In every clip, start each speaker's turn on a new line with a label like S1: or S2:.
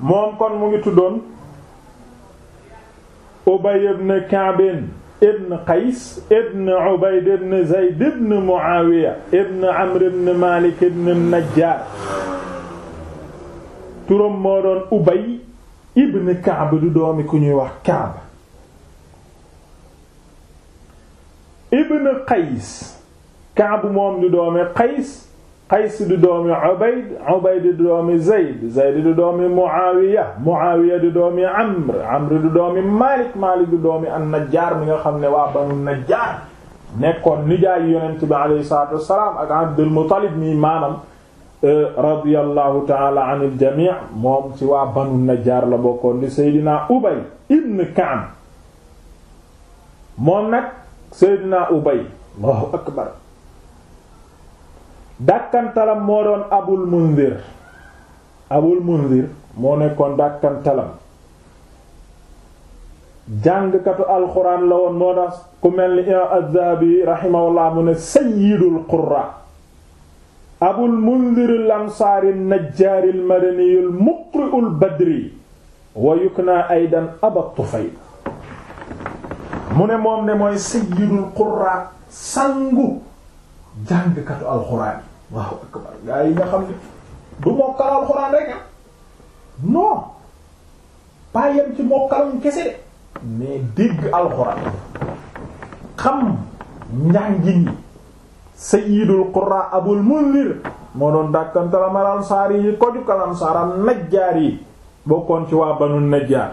S1: moom kon mu ngi tuddoon Ubay ibn Ka'b ibn Qays ibn Ubayd ibn Zayd ibn Muawiya ibn Amr ibn Malik ibn Najjar turam moo doon Ubay ibn Ka'b du doomi ku ñuy wax Ka'b ibn Qays Ka'b moom du doomi Qays Qays di doomi Ubayd Ubayd di doomi Zayd Zayd di doomi Muawiya Muawiya di doomi Amr Amr di doomi Malik Malik di doomi an-Najjar mi nga xam ne waa Banu Najjar nekkoon nijaay yonent bi alayhi salaatu wassalaam ak Abdul Muttalib mi maanam euh, radiyallahu ta'ala anil jamii moom ci waa Banu Najjar la bokkoon di Seydina Ubay ibn Ka'b moom nag Seydina Ubay Allahu akbar dàkkantalam moo doon abul mundir abul mundir moo nekkoon dàkkantalam jàngkatu alxuraan la woon moo tax ku mel ni imaam az-Zahabi rahimahullah mu ne sayyidul qurra abul mundir al ansaari najjaari al madani wa yukna aydan aba tufayl mu ne moom ne mooy sayyidul qurra sangu jàngkatu alxuraan waaw akbar gaa nga xam ne du mokkal alxuraan rek ah. non pas yem ci mokkalam kese de mais dégg alxuraan xam njàngin yi sayyidul qurra abul munzir moo doon dàkkantalam al ansaari yi ko jukal ansaar najjaar yi bokkoon ci waa banu najjaar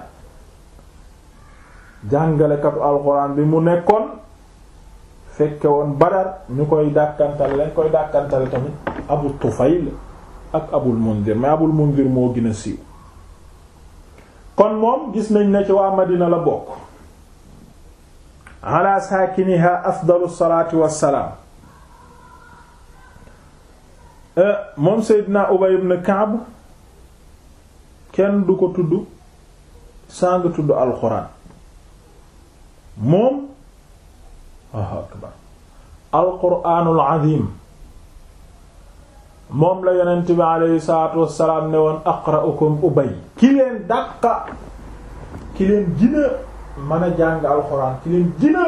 S1: jàngalekatu alxuraan bi mu nekkoon fekke woon Badar ñu koy dàkkantal lañ koy dàkkantal tamit Abu Tufayl ak Abul Mundir mais Abul Mundir moo gën a siiw kon moom gis nañ ne ci waa Madina la bokk ala saakiniha afdalu salaati wassalaam eh, moom Seydina Ubay ibn Ka'b kenn du ko tudd saa tudd alxuraan moom Allahu akbar alquraanul azim moom la yonent bi aleyhi salaatu wassalaam ne woon aqra'ukum ubay ki leen dàqa ki leen gina mën a jàng alxuraan ki leen gina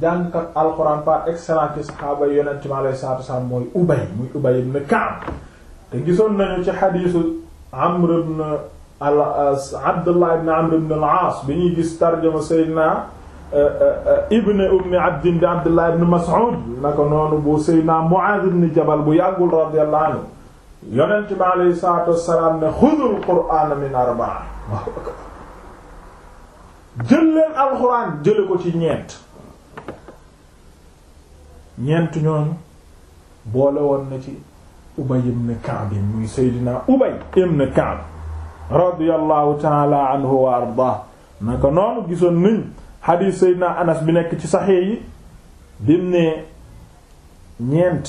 S1: jàngkat alxuraan par excellence ci saxaaba yi yonent bi aleyhi salaatu wassalaam mooy ubay muy ubay ibn Ka'b te gisoon nañu ci xadiisu Amr ibn al Abdullah ibn Amr ibn al-Aas bi ñuy gis tarjuma Seydina Euh, euh, euh, ibn ummi abdin bi abdullah ibn mas'ud naka noonu bu seydna mu'adh ibn jabal bu yàggul radiyallahu anhu yonent bi alayhi salaatu wassalaam ne xudul qur'ana min arba'a jël leen alxuraan jële ko ci ñeent ñeent ñooñu boole woon na ci ubay ibn ka'b muy seydina ubay ibn ka'b radiyallahu ta'ala anhu wa ardaa naka noonu gisoon nañ xadiis Seydina Anas bi nekk ci saxee yi bim ne ñeent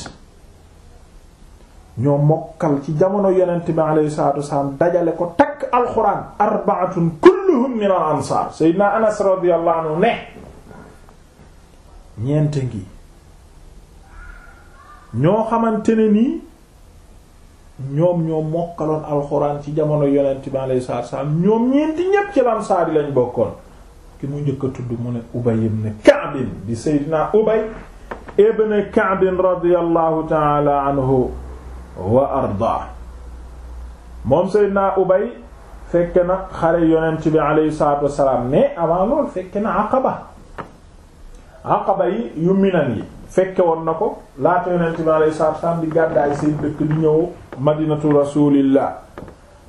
S1: ñoo mokkal ci jamono yonent bi alayhi salaatu wasalaam dajale ko takk alxuraan arbaatun kulluhum min al ansaar Seydina Anas radiyallahu ne ñeent ngi ñoo xamante ne nii ñoom ñoo mokkaloon alxuraan ci jamono yonent bi alayhi salaatu wasalaam ñoom ñeenti ñépp ci lansaar yi lañ bokkoon ki mu njëkk a tudd mu ne Ubay ibn Ka'b di Seydina Ubay ibn Ka'b radiyallahu ta'ala anhu wa arda moom Seydina Ubay fekke na xare yonent bi alayhi salaatu wassalaam mais avant loolu fekke na Aqaba Aqaba yi yu Minan yi fekke woon na ko laata yonent bi alayhi salaatu wassalaam di gàddaay seen dëkk di ñëw madinatu rasulillah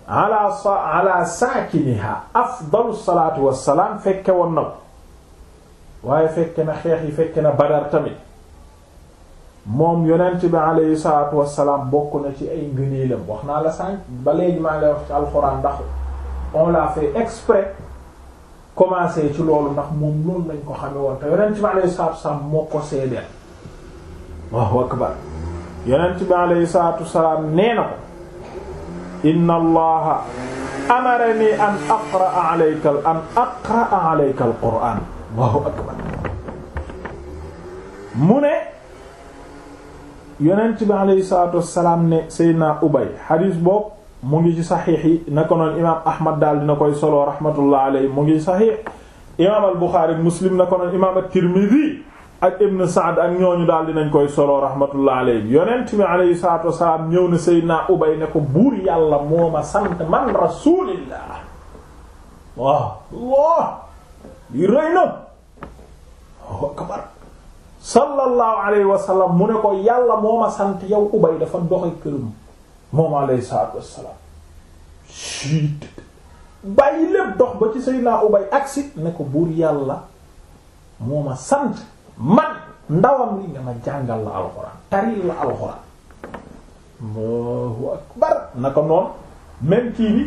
S1: ala ala saakiniha afdalu salaatu wassalaam fekke woon na ko waaye fekke na xeex yi fekke na badar tamit moom yonent bi alayhi salaatu wassalaam bokk na ci ay ngëneelam wax naa la sànq ba léegi maa ngi lay wax ci alxuraan ndax on l'a fait exprès commencé ci loolu ndax moom loolu lañ ko xamee woon te yonent bi alayhi salaatu wassalaam moo ko seedeel waaw akbar yonent bi alayhi salaatu wassalaam nee na ko inna allaha amarani an aqraa alayka an aqraa alayka al qur'an allahu akbar mu ne yonent bi alayhi salatu wassalam ne seydna ubay xadis boobu mu ngi ci saxiix yi naka noonu imaam ahmad daal dina koy solo rahmatullah alayhi mu ngi saxiix imaam al buxaari muslim naka noonu imaam at-tirmidhi ak ibn Saad ak ñooñu daal dinañ koy solo rahmatullah alayhi yonent bi alayhi salaatu wasalaam ñëw na Seydina Ubay ne ko buur yàlla moo ma sant man rasulillah waaw ko yàlla moo yow Ubay dafa doxe këram moom alayhi salaatu wasalaam siit bàyyi lépp dox ba ci Seydina Ubay agsi ne ko buur yàlla moo ma sant man ndawam li nga ma jàngal la alxuraan taril la alxuraan allahu akbar naka noonu même kii bi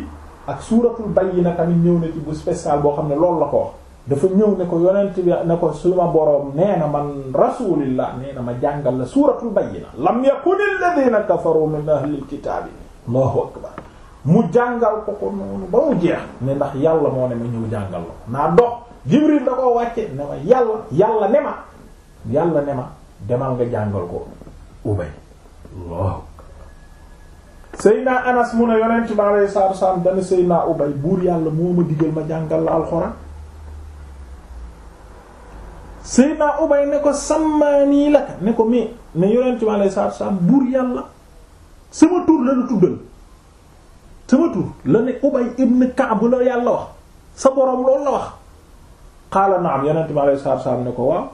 S1: ak suuratul bayyina tamit ñëw na ci bu boo xam ne loolu la ko wax dafa ñëw ne ko yonent bi ne ko suma boroom nee na man rasulillah nee na ma jàngal la suuratul bayyina lam yakunil ladina kafaru min ahlil kitaabi allahu akbar mu jàngal ko ko noonu ba mu jeex ne ndax yàlla moo ne ma ñëw jàngal la naa dox jibril da koo wàcce ne yàlla ne ma demal nga jàngal ko ubay waaw Seydina Anas mu ne yonent bi alayhi salaatu wasallam dana Seydina ubay buur yàlla moo ma digal ma jàngal la alxuraan Seydina ubay ne ko sàmmaanii laka ne ko mais ne yonent bi alayhi salaatu wasallam buur yàlla sama tur la la tuddal sama tur la ne ubay ibn Ka'b la yàlla wax sa boroom loolu la wax xaala naam yonent bi alayhi salaatu wasallam ne ko waaw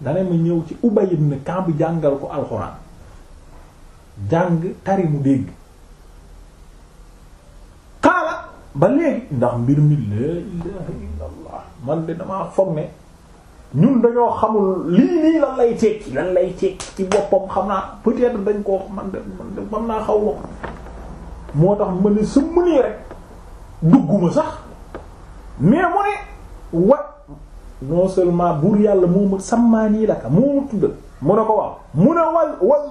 S1: nga ne ma ñëw ci Ubay ibn Ka'b jàngal ko alxuraan jàng tari mu dégg xaala ba léegi ndax mbir mi la ilaha illa allah man de damaa foog ne ñun dañoo xamul lii nii lan lay tekki lan ci boppam xam naa peut-être dañ koo man de man naa xaw ma moo tax ma ne sëmm nii rek dugguma sax mais mooy wat non seulement buur yàlla moomu sàmmaanii laka moomu tuddal mu ne ko waaw mu ne wal wal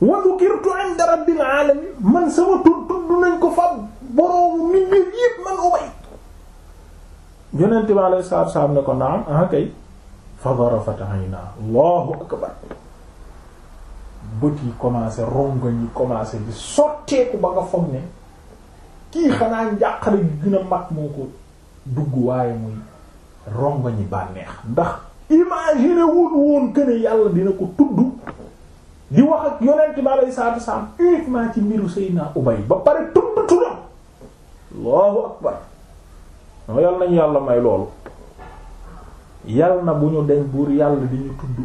S1: wa dhukirtu inda rabbil alamin man sama tudd tudd nañ ko fa boroomu nit ñi yépp man ubay yonent bi alayhi salaatu wa ne ko naam ah kay fa darafat aynaa allahu akbar bët yi commencé rongoñ yi commencé di sotteeku ba nga foog ne kii xanaa njàqare gi gën mag moo ko dugg waaye muy rongo ñi bànneex ndax imaginer wul woon que ne yàlla dina ko tudd di wax ak yonent bi alayhi salaatu wasalaam uniquement ci mbiru Seydina Ubay ba pare tudd turam Allahu akbar non yàlla nañu yàlla may loolu yàlla na bu ñu deñ buur yàlla di ñu tudd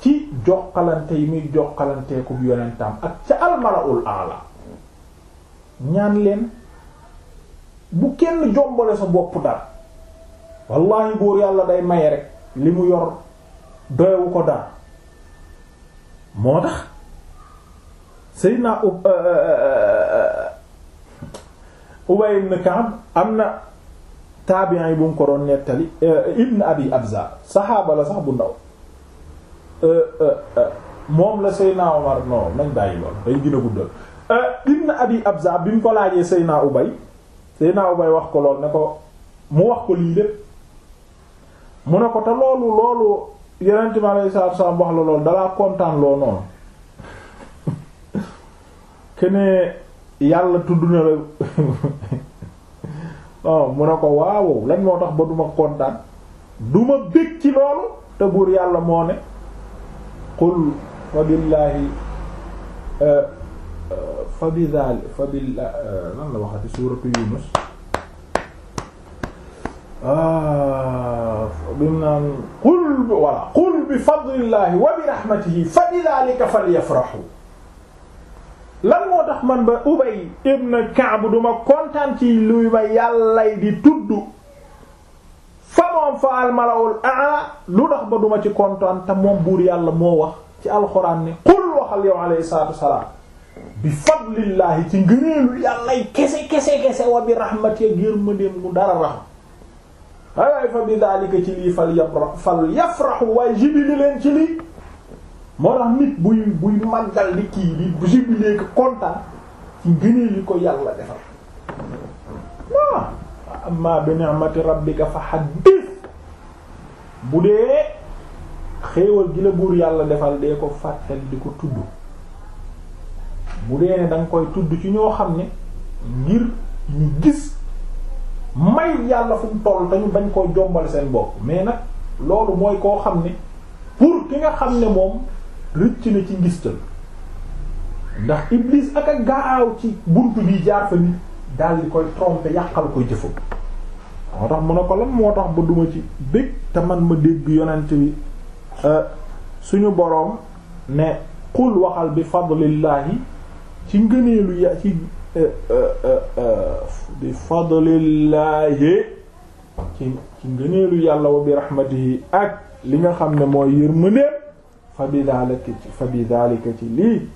S1: ci joxalante yi muy joxalanteeku yonentam ak ca almalaul ala ñaan leen bu kenn jombale sa bopp dara wallahi buur yàlla day maye rek li mu yor doyewu ko dara moo tax Seydina euh, euh, euh, Ubay ibn Ka'b am na taabiyen yi bu mu ko doon nettali ibn Abi Abza saxaaba la sax bu ndaw moom la Seydina Omar non nañ bàyyi lool day gën a guddal ibn Abi Abza bi mu ko laajee Seydina Ubay Seydina Ubay wax ko lool ne ko mu wax ko lii lépp mu ne ko te loolu loolu yeneen ci ma lay wax la loolu dalaa kontaan loo noonu kene yàlla tudd na la oh mu ne ko waaw lañ moo tax ba duma kontaan duma bég ci loolu te buur yàlla moo ne qul fa billaahi eh, eh, fa bi daal fa billaahi eh, lan la waxati suuratu Ah, bi mu naan qul bi wala qul bi fadlillahi wa bi rahmatihi fa bi dhalika falyafrahu lan moo tax man ba Ubay ibn Ka'b duma kontaan ci luy ba yàllay di tudd fa moom fa al malawul a'la lu tax ba duma ci kontaan te moom buur yàlla moo wax ci alxuraan ne qul waxal yow alayhi salaatu wasalaam bi fadlillahi ci ngëneelu yàllay kese kese kese wa bi rahmatihi ak yërmandeem mu dara raxam ay fa bi daalika ci lii fal yafra fal yafraxu waaye jibili leen ci lii moo tax nit buy buy màggal di kii di jubilee ko kontaan ci ngëneel li ko yàlla defal waaw amma bi ni'mati rabbika fa haddith bu dee xéewal gi la buur yàlla defal dee ko fàttali di ko tudd bu dee ne danga koy tudd ci ñoo xam ne ngir ñu gis may yàlla fu mu toll dañu bañ koo jombal seen bopp mais nag loolu mooy koo xam ne pour ki nga xam ne moom rëcc na ci ngistal ndax iblis ak a gaaw ci buntu bi jaar fa nit daal di koy tromper yàqal ko jëfam moo tax mu ne ko lan moo tax ba duma ci bég te man ma dégg yonent wi euh, suñu boroom ne qul waxal bi fadlillahi ci ngëneelu ya ci bi eh, eh, eh, fadlillahi ci ci ngëneelu yàlla wa bi rahmatihi ak li nga xam ne mooy yërmande fa bi daalika fa bi daalika ci lii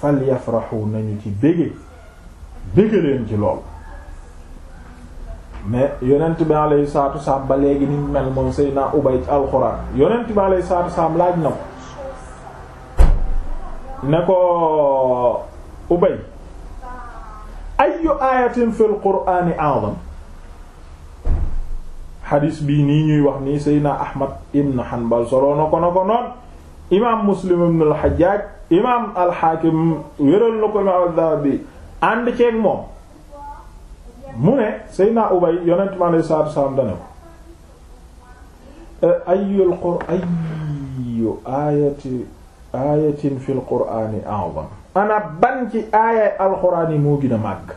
S1: fal yafraxu nañu ci bége bége leen ci lool mais yonent bi alayhi salaatu wasalaam ba léegi ni mel moom Seydina Ubay ci alxuraan yonent bi alayhi salaatu wasalaam laaj na ko Ubay ayu ayatin fil qur'ani a'zam xadis bii nii ñuy wax nii seydna ahmad ibn hanbal soloo na ko na ko noon imaam muslim ibn al hajjaj imaam al hakim wéral na ko imaam al-Dhahabi ànd ceeg moom mu ne seydna ubay yonent mi alayhi salaatu salaam dana ko ayul qur ayu ayati ayatin fil qur'ani a'zam ana ban ci aayay alxuraan yi moo gën a màgg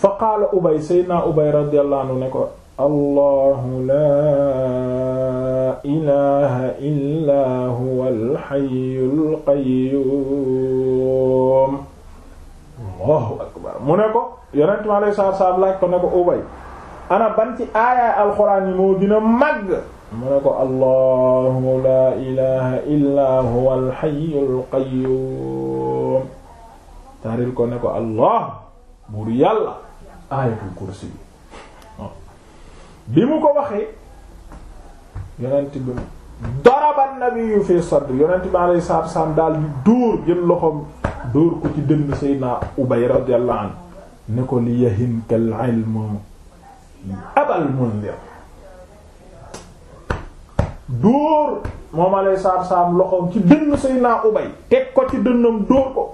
S1: fa qaala ubay seydna ubay radiyallahu anhu ne ko allahu laa ilaha illa huwa alxayyul qayyuum allahu akbar mu ne ko yonent mi alayhi salaatu salaam laaj ko ne ko ubay ana ban ci aayay alxuraan yi moo gën a màgg mu ne ko allahu laa ilaha illa huwa alxayyul qayyum taril ko ne ko allah buur yàlla ayatul kursi bi mu ko waxee yonent bi daraba nabiyyu fi sadri yonent bi alayhi salaatu wassalaam daal di dóor jël loxoom dóor ko ci dënn Seydina Ubay radiyallahu anhu ne ko li yahinkal ilmu abal munzir dóor moom alay saar saam loxoom ci dënn Seydina Ubay teg ko ci dënnam dóor ko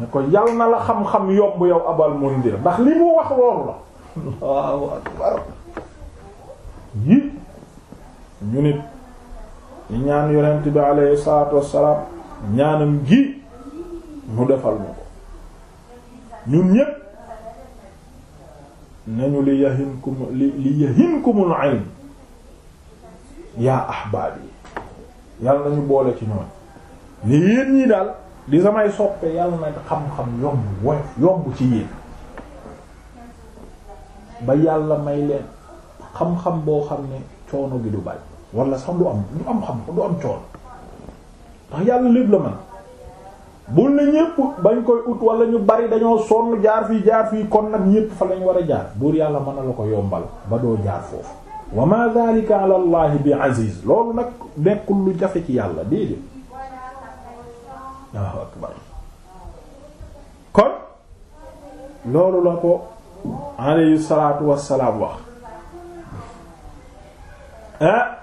S1: ne ko yal na la xam-xam yomb yow abal mundir ndax li mu wax loolu la Allahu akbar yi ñu nit ñi ñaan yonent bi alayhi salaatu wassalaam ñaanam gi mu defal ma ko ñun ñépp nañu li yahinkum li yahinkumul ilm yaa ahbaab yi yàlla nañu boole ci ñoom ni yéen ñii daal di samay soppe yàlla na xam-xam yomb woy yomb ci yéen ba yàlla may leen xam-xam boo xam ne coono bi du bari wala sax du am du am xam du am coono ndax yàlla lépp la mën bul ne ñépp bañ koy ut wala ñu bari dañoo sonn jaar fii jaar fii kon nag ñépp fa lañu war a jaar buur yàlla mën na la ko yombal ba doo jaar foofu wa ma dhalika ala allahi bi aziz loolu nag nekkul lu jafe ci yàlla déedéet waaw akbar kon loolu la ko alayhi salatu wassalaam wax ah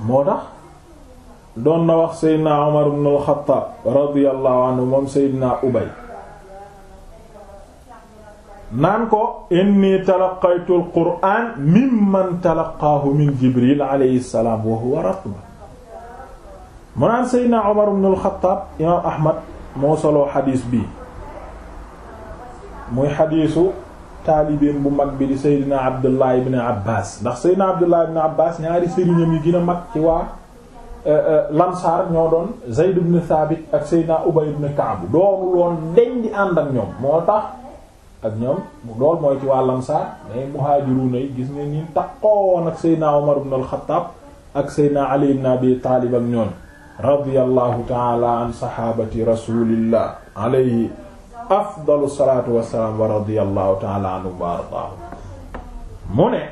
S1: moo tax doon na wax seydna Umar ibn al-Khattab radiyallahu anhu moom seydna Ubay naan ko inni talaqaytu al qur'an mimman talaqaahu min jibril alayhi salaam wa huwa ratba mu naan seydna omar ibn al xattaab imaam ahmad moo soloo xadiis bii muy xadiisu taalibeem bu mag bi di seydna abdullah ibn abbas ndax seydna abdullah ibn abbas ñaari sëriñam yi gën a mag ci waa eh, eh, lamsaar ñoo doon zayd ibn thabit ak seydna ubay ibn ka'b doonu loon deñ di ànd ak ñoom moo tax ak ñoom lool mooy ci waa lamsaar mais muhaajiruuna yi gis nga ñi taxawoon ak Seydina Umar ibn al ak Seydina Ali ibn Abi Taalib ak ñoom radiyallahu taala an sahabati rasulillah alayhi afdalu salatu wasalaam wa radiyallahu taala anhum wa ardahum mu ne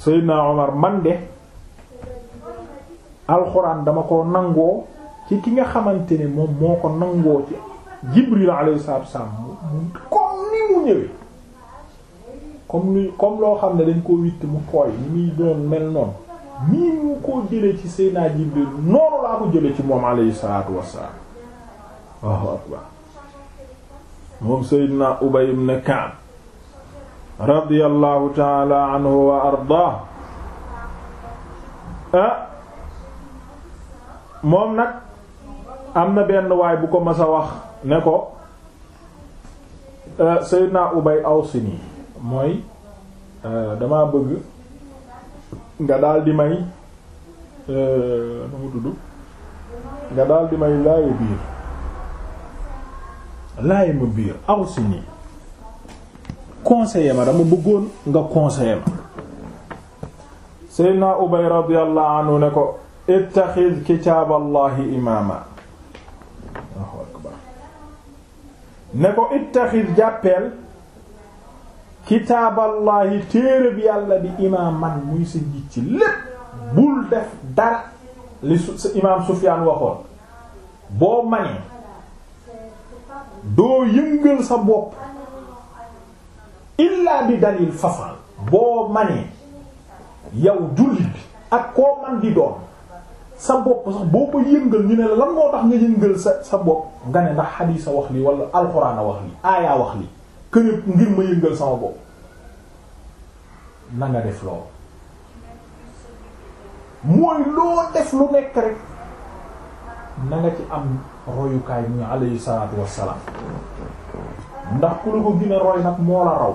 S1: Seydina Omar man de alxuraan dama ko nangoo ci ki nga xamante ne moom moo ko nangoo ci Jibril alayhi salaatu comme ni mu ñëwee comme ni comme loo xam ne dañ ko witt mu fooy ni muy doon mel noonu nii mu ko jëlee ci Seydina Jibril noonu laa ko jëlee ci moom alayhi salaatu wassalaam waaw waaw moom Seydina Ubay ibn Ka'b radiyallahu ta'ala anhu wa ah, moom nag am na benn waay bu ko mas a wax ne ko euh, Seydina Ubay awsini mooy euh, damaa bëgg nga daal di may euh, mu tudd nga daal di may laaye biir laaye ma biir awsini conseiller ma dama bëggoon nga conseiller ma Seydina Ubay radiyallahu anhu ne ko ittaxid kitaaballahi imaama ne ko ittaxid jàppeel kitaaballahi téereb yàlla bi imaaman muy sa njiit ci lépp bul def dara li sa imaam Sufyaan waxoon boo manee doo yëngal sa bopp illaa bi dalil fafal boo manee yow jullit bi ak koo man di doon sa bopp sax boo ko yëngal ñu ne la lan moo tax nga yëngal sa sa bopp nga ne ndax xadiis a wax lii wala alxuraan a wax lii aayaa wax lii këréb ngir ma yëngal sama bopp na nga def loolu mooy loo def lu nekk rek na nga ci am royukaay muy alayhi salaatu wassalaam ndax ku la ko gën a roy nag moo la raw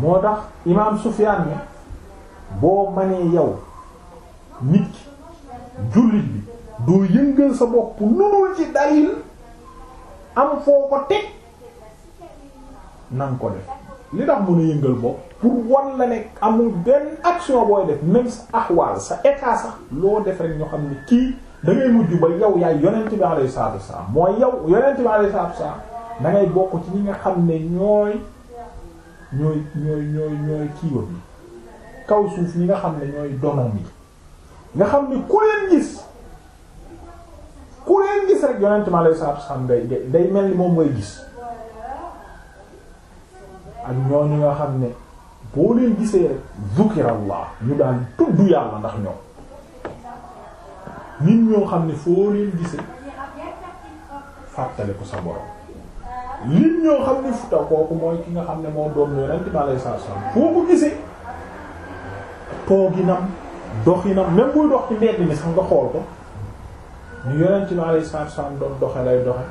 S1: moo tax imaam Sufyaan ne boo manee yow nit ki jullit bi doo yëngal sa bopp nunul ci dalil am foo ko teg nanga ko def li tax mën a yëngal bopp pour wan la nekk amul benn action booy def même sa axwaal sa état sax loo def rek ñoo xam ne kii da ngay mujj ba yow yaay yonent bi alayhi salaatu sax mooy yow yonent bi alayhi salaatu wasalaam da bokk ci ñi nga xam ne ñooy ñooy ñooy ñooy ñooy kiiwam yi kaw suuf ñi nga xam ne ñooy donom yi nga xam ni ku leen gis ku leen gis rek yonent ma lay saatu sam day mel ni moom mooy gis ak ñooñu nga xam ne boo leen gisee rek zukirallah ñu daan tudd yàlla ndax ñoom nit ñoo xam ne foo leen gisee fàttaliku sa borom nit ñoo xam ne futa kooku mooy ki nga xam ne moo doon yonent ma lay saatu sam foo ko gisee tooginam doxinam même buy dox ci mbedd mi sax nga xool ko ñu yonent bi alayhi salaatu wasallam doon doxe lay doxe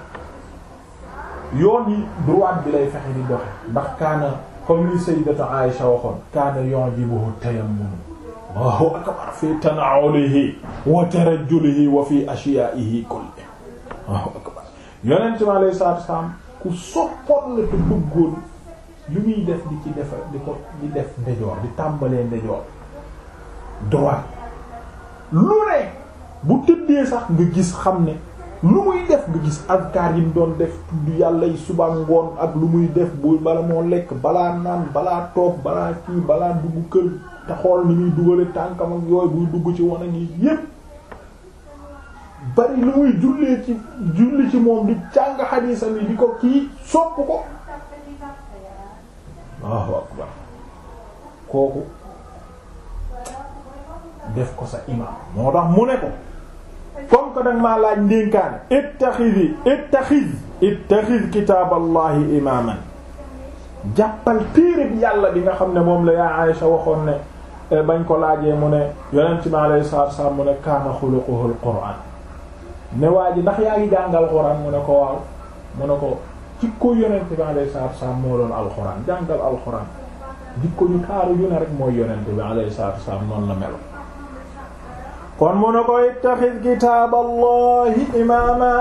S1: yoon yi droite bi lay fexe di doxe ndax kaana comme li sayyidatu Aïsha waxoon kaana yu'jibuhu tayammum Allahu akbar fi tana'ulihi wa tarajjulihi wa fi ashyaa'ihi kulli Allahu akbar yonent bi alayhi ku soppoon la te bëggoon li muy def di ci defa di ko di def ndejoor di tàmbalee ndejoor droit lu ne bu tëddee sax nga gis xam ne lu muy def nga gis adkaar yi mu doon def tudd yàlla yi suba ngoon ak lu muy def bu bala moo lekk balaa naan balaa toog balaa kii balaa dugg kër te xool ni muy dugale tànkam ak yooyu buy dugg ci wane ngi yépp bari lu muy jullee ci julli ci moom di jàng xadiisam yi di ko kii sopp ko waaw waaw kooku def ko sa imaam moo tax mu ne ko comme que danga maa laaj ndénkaane ittaxidi ittaxid ittaxid kitaaballahi imaaman jàppal téere bi yàlla bi nga xam ne moom la yaa Aysa waxoon ne eh, bañ ko laajee mu ne yonent mi alayhi salaatu salaam mu ne kaana xuluquhul quraan ne waa ji ndax yaa ngi jàngal quraan mu ne ko waaw mu ne ko ci ko yonent bi alayhi salaatu salaam moo doon alxuraan jàngal alxuraan di ko ñu kaaru yu ne rek mooy yonent bi alayhi salaatu salaam noonu la melo kon mu ne ko ittaxid kitaaballahi imaama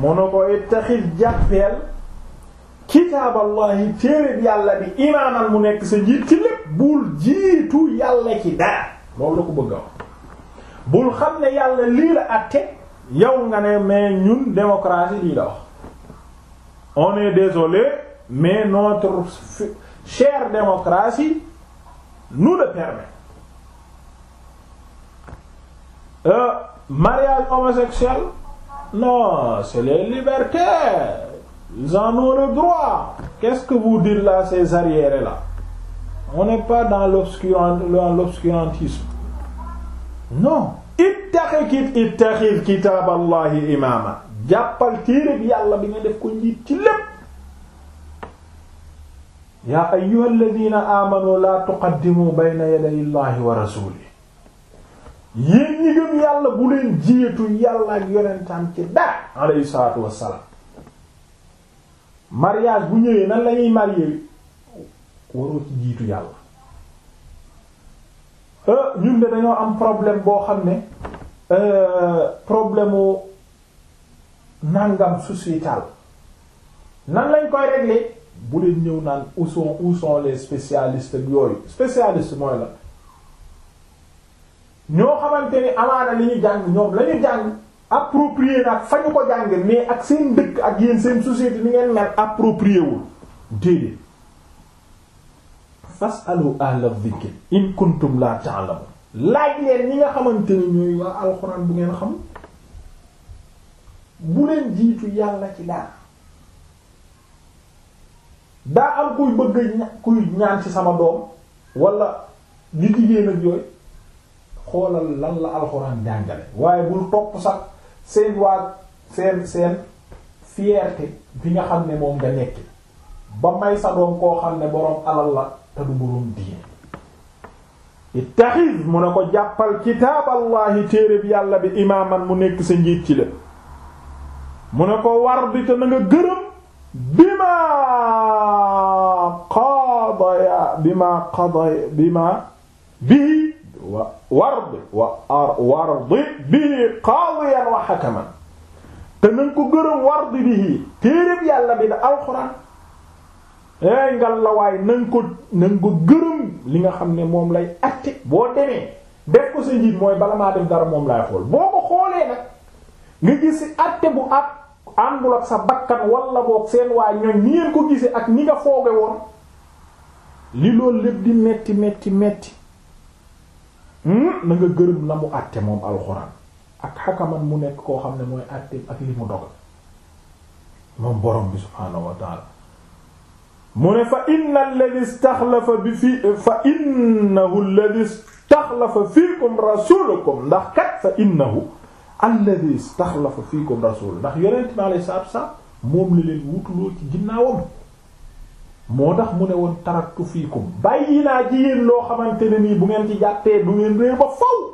S1: mu ne ko ittaxid jàppeel kitaaballahi téereb yàlla bi imaamal mu nekk sa njiit ci lépp bul jiitu yàlla ci dara loolu la ko bëgg a bul xam ne yàlla lii la àtte yow nga ne mais ñun démocratie lii la wax on est désolé mais notre chère démocratie nous le permet Euh, mariage homosexuel non c'est les libertés ils qu'est-ce que vous dites là ces arriérés là on n'est pas dans l'obscurantisme non ittaxi kit ittaxi kitaaballahi imaama jàppal téere bi def ko ci lépp yaa ayyuhalladhina amanu la tuqaddimu bayna yadayillahi wa rasulihi yéen ñi gëm yàlla bu leen jiitu yàlla ak yonentam ci dara alayhi salaatu wassalaam mariage bu ñëwee nan lañuy ñuy marié waroo ci jiitu yàlla euh, ñun de dañoo am problème boo xam ne euh, problème u nàngam sociétal nan lañ koy régler bu leen ñëw naan où sont où sont les spécialistes ak yooyu spécialiste mooy la ñoo xamante ni amaana li ñu jàng ñoom lañu ñu jàng approprié nag fa ñu ko jàng mais ak seen dëkk ak yéen seen société ni ngeen mel approprié wul déedéet fasalu ahla dhikr in kuntum la ta'lamun laaj leen ñi nga xamante ni wax waa alxuraan bu ngeen xam bu leen jiitu yàlla ci dara daa am kuy bëgg kuy ñaan ci sama doom wala li liggéey nag yooyu xoolal lan la alxuraan jàngale waaye bul topp sax seen waa seen seen fierté bi nga xam ne moom nga nekk ba may sa doom koo xam ne boroom alal la te du boroom diine ittaxiz mu ne ko jàppal kitaaballahi téere bi yàlla bi imaaman mu nekk sa njiit ci la mu ne ko war bi te na nga gërëm bima qadaya bima qadaya bima bii wa wardi wa wardi bii qaadiyan wa hakaman te nañ ko gërëm wardi bii téeréb yàlla bi da alxuraan ey ngal la waay nañ ko nañ ko gërëm li nga xam ne moom lay atte boo demee def ko sa njiit mooy bala maa def dara moom laay xool boo ko xoolee nag nga gis si atte bu at àndul ak sa bakkan wala boog seen waay ñoom ni ngeen ko gisee ak ni nga fooge woon li loolu lépp di metti metti metti Hmm? na nga gërëm na mu àtte moom alxuraan ak xakaman mu nekk koo xam ne mooy àtteem ak li mu dogal moom borom bi subhaanahu wa taala mu ne fa inna alladhi istaxlafa bi fii fa innahu alladhi istaxlafa fiikum rasulukum ndax kat fa innahu alladhi istaxlafa fiikum ndax yonent bi alayhi salaatu wa salaam moom la leen wutuloo ci ginnaawam moo tax mu ne woon fii ko bàyyi naa ci yéen loo xamante ne nii bu ngeen ci jàttee bu ngeen réer ba faw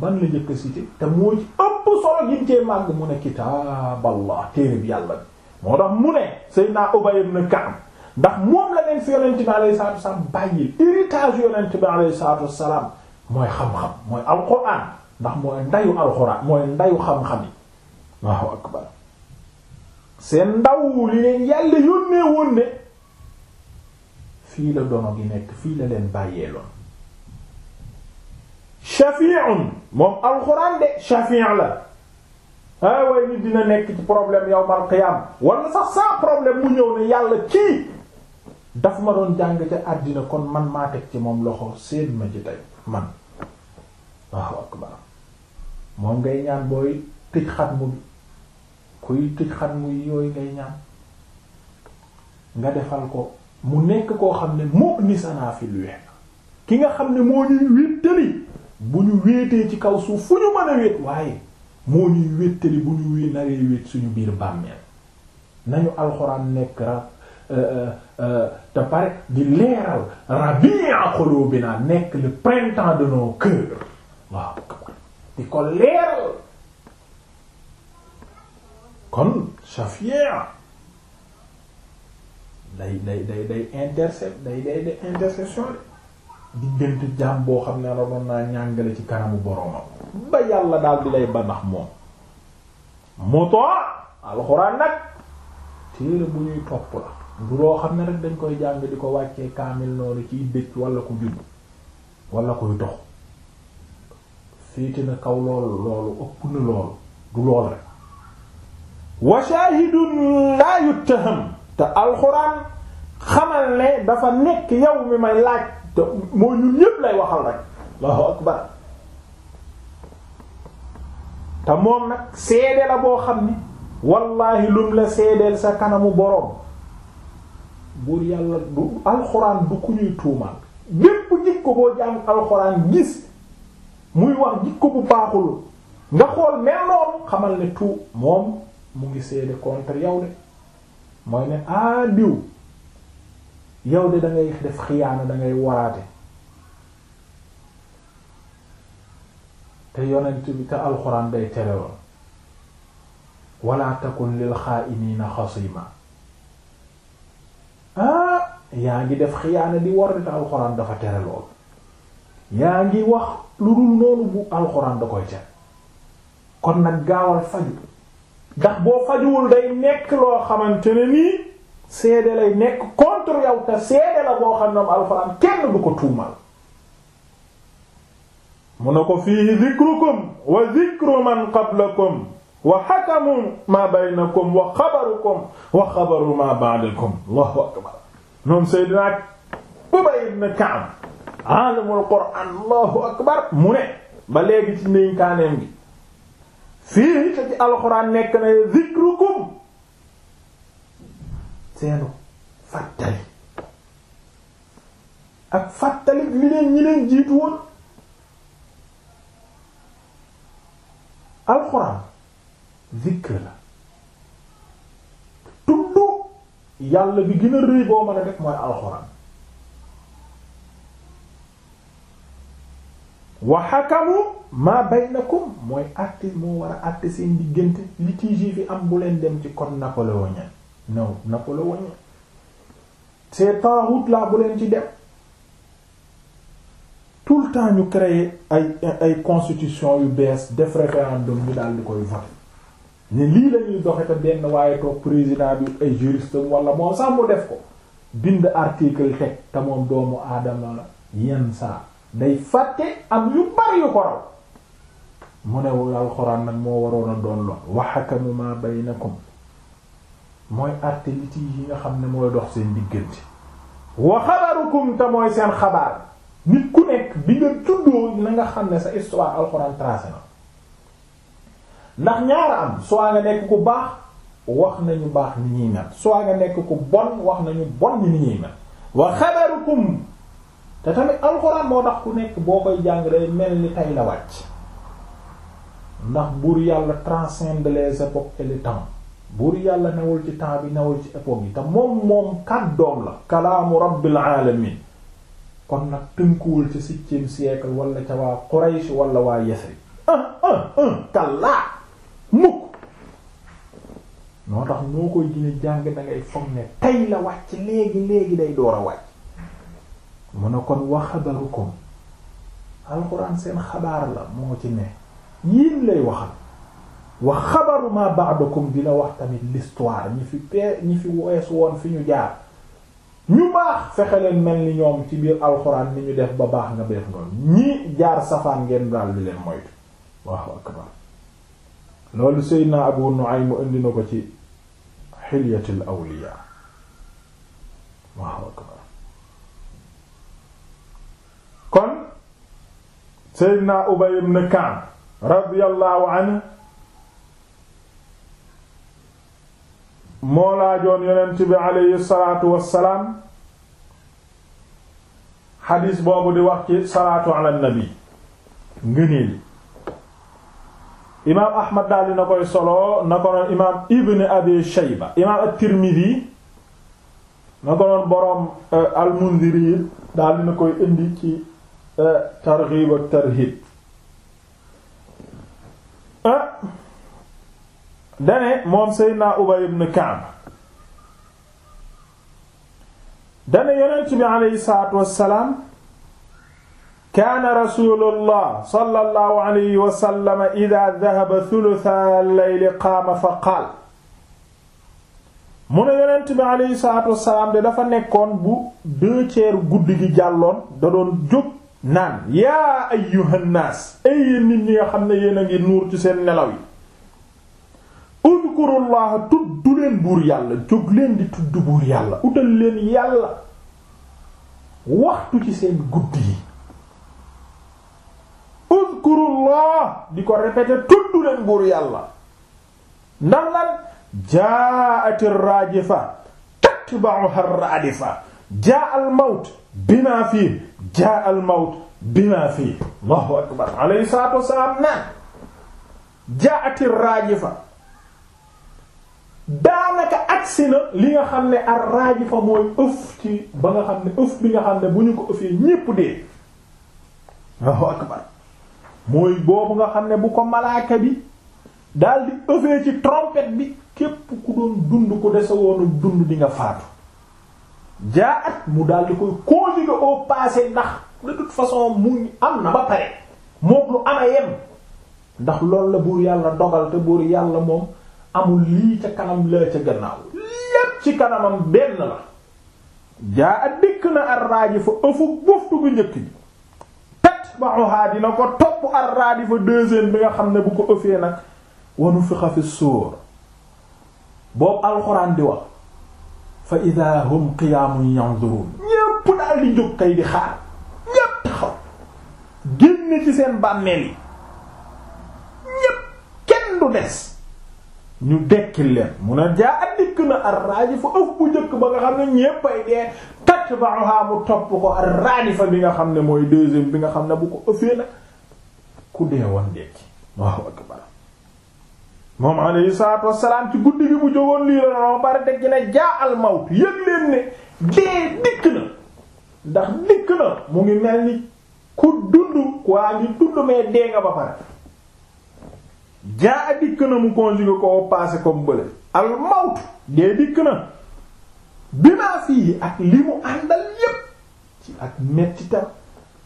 S1: ban la njëkk cité te moo ci ëpp solo gin cee màgg mu ne kitaaballah téere bi yàlla bi moo tax mu ne Seydina Ubay ibn Ka'b ndax moom la leen fi yonent bi alayhi salaatu wasalaam bàyyil héritage yonent bi alayhi salaatu wasalaam mooy xam-xam mooy alquran ndax mooy ndayu alquran mooy ndayu xam-xam yi waaw akbar seen ndaw li leen yàlla yónnee woon ne fii la dono gi nekk fii la leen bàyyeeloon shafi'un moom alxuraan de shafi' la ah waaye nit dina nekk ci problème yawmal qiyaam wala sax sans problème mu ñëw ne yàlla kii daf ma doon jàng ca àddina kon man maa teg ci moom loxo seen ma ci tey man waaw akbar moom ngay ñaan booy tëj xatmu bi kuy tëj xatmu yooyu ngay ñaan nga defal ko. mu nekk koo xam ne moo ni sanaa fi ki nga xam ne moo ñuy wéttali bu ñu wéetee ci kaw suuf fu ñu mën a wéet waaye moo ñuy wéttali bu ñu wéet wéet suñu biir bàmmeel nañu alxuraan nekk ra euh, euh, euh, te pare di leeral rabi'a qulubina nekk le printemps de nos cœurs waaw di ko leeral kon shafi'a day day day day intercept day day day intercession de diggante jaam boo xam ne doon naa ñàngale ci kanamu boromam ba yàlla daal di lay banax moom moto alxuraan nag téere bu ñuy topp la bu loo xam ne rek dañ koy jàng di ko wàccee kaamil noonu ciy dëcc walla ku judd wala kuy dox féete na kaw loolu loolu ëpp na loolu du lool rek wa shahidun la te alxuraan xamal ne dafa nekk yow mi may laaj te moo ñun ñépp lay waxal rek Allahu akbar te moom nag seede la boo xam ni wallaahi lum la seedeel sa kanamu boroom buur yàlla du alxuraan du ku ñuy tuumaal bépp jikko boo jàng alxuraan gis muy wax jikko bu baaxul nga xool mel noonu xamal ne tuub moom mu ngi seede contre yow de mooy ne ah diw yow de da def xiyaana da waraate te yonent bi te alxuraan day terewoon wala takun lil xaa'iniina xasima ah yaa ngi def xiyaana di warate te alxuraan dafa tere lool yaa ngi wax lu dul noonu bu alxuraan da koy tere kon nag gaawal faju ndax boo fajuwul day nekk loo xamante ne nii seede lay nekk contre yow te seede la boo xam ne alxuraan kenn du ko tuumal mu ne ko fii dhikrukum wa dhikru man qablakum wa hakamu ma baynakum wa xabarukum wa xabaru ma ba'dakum allahu akbar ñoom Seydina Ubay ibn Ka'b alimul qur'aan allahu akbar mu ne ba léegi ci ndénkaaneem gi fii te ci alxuraan nekk na zikrukum seenu fàttali ak fàttali li leen ñi leen jiitu woon alxuraan zikr la tudd yàlla bi gën a rëy boo def mooy alxuraan wa xakamu maa baynakum mooy àtte moo war a àtte seen diggante li ci juif yi am bu leen dem ci kon napole code napoléonien non napoléonien c'est taaxut laa bu leen ci dem tout le temps ñu créer ay ay constitution yu bees def référendum ñu daal di koy voter ne lii lañuy doxe te benn waaye toog président bi ay juriste wala moo sax mu def ko bind article teg te doomu aadama la yenn saa day fàtte am yu bari yu ko raw mu newul alxuraan nag moo waroon a doon lool wa hakamu na baynakum mooy àtte nit yi nga xam ne mooy dox seen diggante wa xabarukum te mooy seen xabaar nit ku nekk bi nga tuddoo na nga xam ne sa histoire alxuraan tracé na ndax ñaara am soo nga nekk ku baax wax nañu baax ni ñuy mel soo nga nekk ku bon wax nañu bon ni ñuy mel wa xabarukum te tamit alxuraan moo tax ku nekk boo koy jàng day mel ni tay la wàcc ndax buur yàlla transcende les époques et le temps buur yàlla newul ci temps bi newul ci époque yi te moom moom kàddoom la kalaamu rabbil alamin kon nag tënkuwul ci septième siècle walla ca waa Quraysh wala waa Yasrib un un un kallaa mukk noo tax moo koy gën a jàng da foog ne tey la wàcc léegi léegi day door a wàcc mu ne kon wa xabarukum alxuraan seen xabaar la moo ci ne yéen lay waxal wax xabaru ma ba'dakum di la wax tamit l'histoire ñi fi pee ñi fi wees woon fi ñu jaar ñu baax fexe leen mel ni ñoom ci biir alxuraan ni ñu def ba baax nga def noonu ñi jaar safaan ngeen daal di leen moytu waaw akbar loolu Seydina Abu Nu'aym mu indi na ko ci xilyatul awliya waaw akbar kon seydna ubay ibn Ka'b radiyallahu anhu moo laajoon yonent bi aleyhi salaatu wassalaam xadiis boobu di wax ci salaatu ala nabi ngëneeli imaam ahmad daal di na koy solo na ko noon imaam ibn abi shayba imaam at-tirmidhi na ko noon boroom euh, al-mundiri daal di na koy indi ci targhib ak tarhib ah, dane moom Seydina Ubay ibn Ka'b dane yonent bi aleyhi salaatu wassalaam kaana rasuulullah sallallahu alayhi wa sallam idaa dhahaba thuluthal layli qaama fa qaal mu ne yonent bi aleyhi salaatu wassalaam de dafa nekkoon bu deux guddi gi jàlloon da doon jóg naan yaa ayyuhan naas ay yéen nit ñi nga xam ne yéen a ngi nuur ci seen nelaw yi udkurullaha tuddu leen buur yàlla jóg leen di tudd buur yàlla utal leen yàlla waxtu ci seen guddi yi udkurullah di ko répéter tudd leen buur yàlla ndax lan jaa'ati raajifa tatba'uha raadifa jaa al mawt bima fii jaa al mawt bima fii allahu akbar alayhi salaatu wassalaam naan jaati raajifa daanaka agsi na li nga xam ne ar raajifa mooy ëf ci ba nga xam ne ëf bi nga xam ne bu ñu ko ëfee ñépp dee allahu akbar mooy boobu nga xam ne bu ko malaaka bi daal di ëfee ci trompette bi képp ku doon dund ku dese woonu dund di nga faatu jaa at mu daal di koy conjuguer au passé ndax de toute façon mu am na ba pare moom lu am a yem ndax loolu la buur yàlla dogal te buur yàlla moom amul lii ca kanam la ca gannaaw lépp ci kanamam benn la jaa at dikk na arraaji fa ëfu buftu bu njëkk ji tat baxuhaa dina ko topp arraaji fa deuxième bi nga xam ne bu ko ëfee nag wanu fixa fi suur boobu alxuraan di wax fa ida hum qiyaamun yanzurun ñépp daal di jóg kay di xaar ñépp taxaw génn ci seen bàmmeel yi ñépp kenn du des ñu dekkil leen mu ne jaa a dikk na arraaji fa ëf bu njëkk ba nga xam ne ñépp ay dee tatba'uha mu topp ko arraaji fa bi nga xam ne mooy deuxième bi nga xam ne bu ko ëffee nag ku dee woon dekki waaw akbar moom alayhi salaatu wassalaam ci guddi gi mu jógoon lii la noonu bari dëgg ne jaa al yëg leen ne dee dikk na ndax dikk na mu ngi mel ni ku dund waa ngi dund mais dee nga ba pare jaa dikk na mu conjugué ko passé comme bële al dee dikk na bi maa ak li mu àndal yépp ci ak mettitam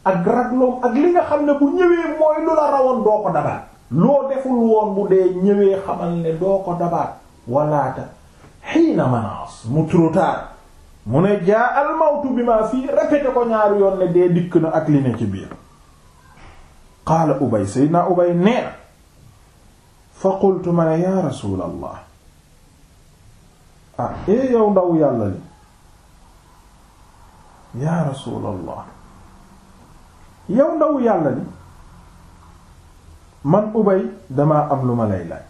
S1: ak ragloom ak li nga xam ne bu ñëwee mooy lu la rawoon doo ko dabal loo deful woon bu dee ñëwee xamal ne doo ko dabaat walaata xiina manaas mu trop mu ne jaa almawtu bi ma fii répété ko ñaari yoon ne dee dikk na ak ci biir qaala ubay sayyidina ubay nee na fa qultu ma yaa rasuulallah ah ee eh, yow ndaw yàlla li yaa rasuulallah yow ndaw yàlla li man ubay damaa am lu ma lay laaj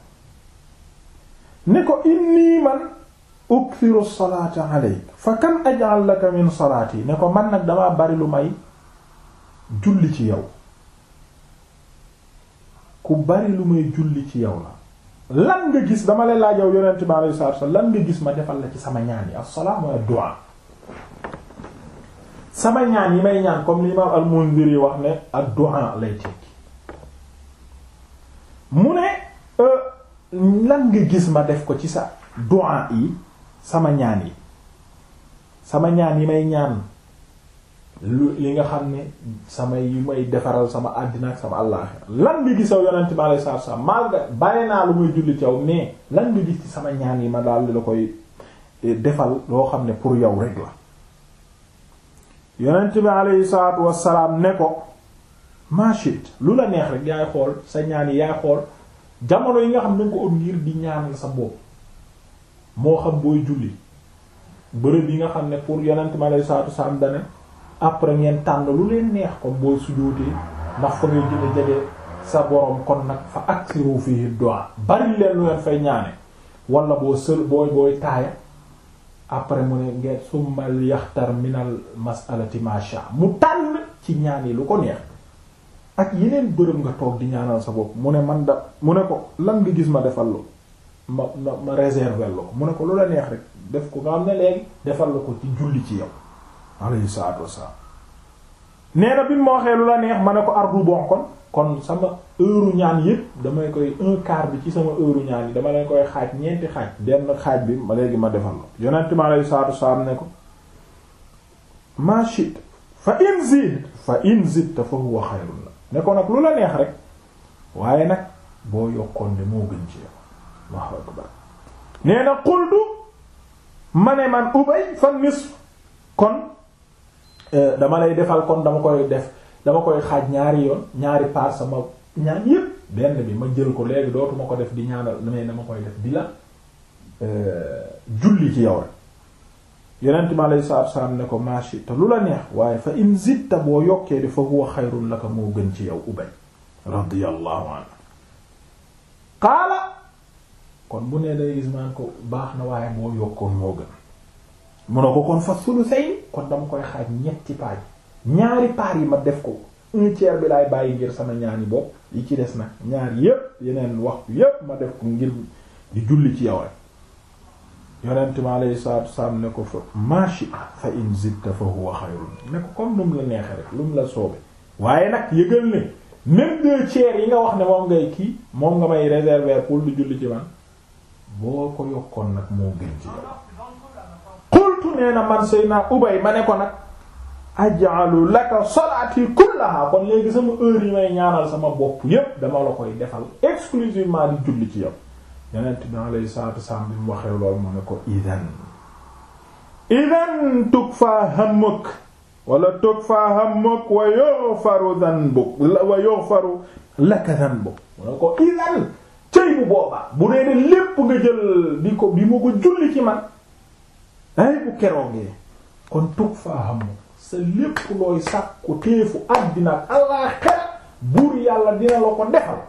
S1: ne ko inni man ukthiru salaata alayka fa kam aj'al laka min salaati ne ko man nag damaa bari lu may julli ci yow ku bari lu may julli ci yow la lan nga gis dama lay laaj yow yonent bi alayhi salaatu wasallam lan nga gis ma defal la ci sama ñaan yi as-salaa wa sama ñaan yi may ñaan comme l'imam al-Mundhiri wax ne ad lay tekki mu ne euh, lan nga gis ma def ko ci sa du'a yi sama ñaan yi sama ñaan yi may ñaan lu li nga xam ne sama yi may defaral sama àddina ak sama àllaaxira lan nga gis yow yonent bi alayhi salaam maa nga bàyyi naa lu muy julli ci mais lan nga gis ci sama ñaan yi ma daal di la koy eh, defal loo xam ne pour yow rek la yonent bi alayhi salaatu wassalaam ne ko machit lu la neex rek yaay xool sa ñaan yi yaay xool jamono yi nga xam ne ko ut ngir di ñaanal sa bopp moo xam booy julli bërëb yi nga xam ne pour yonent mi alayhi salaatu salaam dane après ngeen tànn lu leen neex comme booy sujóotee ndax fa ngay jëne jege sa borom kon nag fa aksiru fii du'a bari leen lu ngeen fay ñaane wala boo sël booy booy taaya après mu ne ngeen summal yaxtar minal mas'alati ma mu tànn ci ñaan yi lu ko neex ak yeneen bërëb nga toog di ñaanal sa bopp mu ne man da mu ne ko lan nga gis ma defal lu ma ma ma réserver la ko mu ne ko lu la neex rek def ko nga am ne léegi defal la ko ci julli ci yow alayhi salaatu wassalaam na bi ma waxee lu la neex ma ne ko ardu bon kon kon sama heure ñaan yépp damay koy un bi ci sama heure yi dama leen koy xaaj ñeenti xaaj benn xaaj bi ma léegi ma defal la yonent mi alayhi ne ko ma fa in zid fa in zid fa huwa xayrun ne ko nag lu la neex rek waaye nag boo yokkoon de moo gën ci yow Allahu akbar nee na qultu ma ne man ubay fan nisf kon euh, dama lay defal kon dama koy def dama koy xaaj ñaari yoon ñaari paar sama ñaan yépp benn bi ma jël ko léegi dootuma ko def di ñaanal damay dama koy def di la euh, julli ci yow rek yonent bi alayhi salaatu wasalaam ne ko maa shi'ta lu la neex waaye fa in zidta boo yokkee di fa huwa xayrun laka moo gën ci yow ubay radiyallahu anhu qaala kon bu nee day ismaan ko baax na waaye boo yokkoon moo gën mun na ko kon fa sulusayn kon dama koy xaaj ñetti paaj ñaari paar yi ma def ko un tiers bi laay bàyyi ngir sama ñaani bopp yi ci des nag ñaar yépp yeneen waxtu yépp ma def ko ngir di julli ci yow yonent mi alayhi salaatu wasalaam ne ko fa machi fa in zitta fa huwa xayrun ne ko comme lu la neexe rek lu mu la soobe waaye nag yëgal ne même deux tiers yi nga wax ne moom ngay kii moom nga may réserver pour lu julli ci man boo ko yokkoon nag moo gën ci yow xultu nee na man Seydina Ubay ma ne ko nag aj'alu laka salaati kullaha kon léegi sama heure yi may ñaanal sama bopp yépp dama la koy defal exclusivement di julli ci yow yonent bi alayhi salaatu wasalaam bi mu waxee lool mu ne ko idan idan tukfa hammuk wala tukfa hammuk wa yughfaru dhanbuk wa yughfaru laka dhanbuk mu ne ko idan cëy bu boobaa bu dee ne lépp nga jël bi ko bi mu ko julli ci man ay bu keroogee kon tukfa hammuk sa lépp looy sàkku téefu àddina ak àllaxira buur yàlla dina la ko defal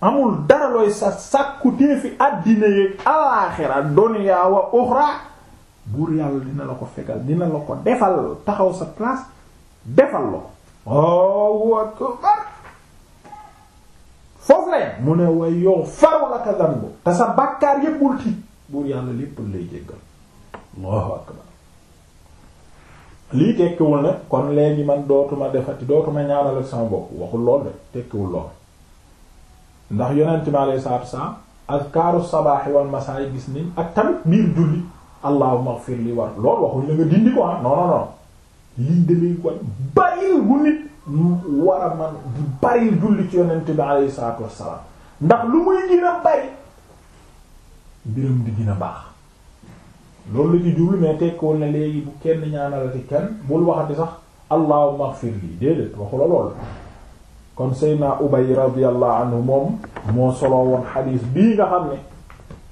S1: amul dara looy sa sàkku téefi àddina yeeg alaaxira duniyaa wa uxra buur yàlla dina la ko fegal dina la ko defal taxaw sa place defal la ko Allahu akbar foofu la yem mu ne way yow faru laka dambu te sa bàkkaar yépp bul tiit buur yàlla lépp lay jéggal lii tekkiwul ne kon léegi man dootuma defati dootuma ñaanal ak sama bopp waxul lool de tekkiwul lool ndax yonent bi alayhi salaatu wasalaam azkaaru sabaaxi wal masaay gis nañ ak tamit biir julli allahumma ighfir li war loolu waxuñ la nga dindi ko ah non non non lii ko bari bu nit mu war a man di bari julli ci yonent bi alayhi salaatu ndax lu muy gën a bari mbiram di gën a baax loolu ci jublu mais tekkoon na léegi bu kenn ñaanalati kenn bul waxati sax allahumma ighfir déedéet waxu loolu kon Seydina Ubay radiyallahu anhu moom moo solo woon xadiis bii nga xam ne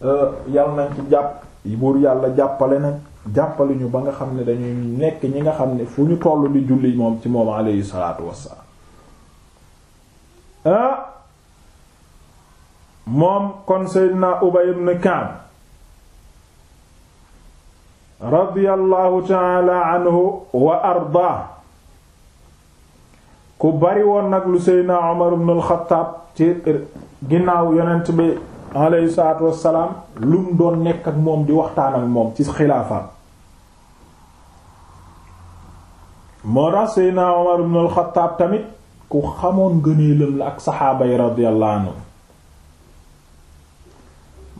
S1: euh, yal nañ ci jàpp buur yàlla jàppale nañ jàppale ñu ba nga xam ne dañuy nekk ñi nga xam ne fu ñu toll di julli moom ci moom alayhi salaatu wassalaam euh, moom kon Seydina Ubay ibn Ka'b radiyallahu ta'ala wa ardaa ku bari woon nag lu seydna Umar ibn al-Khattab ci ginnaaw yonent bi alayhi salaatu wassalaam lu mu doon nekk ak moom di waxtaan ak moom ci xilaafaam moo tax seydna Umar ibn al tamit ku xamoon gëneelam la ak saxaaba yi radiyallahu anhu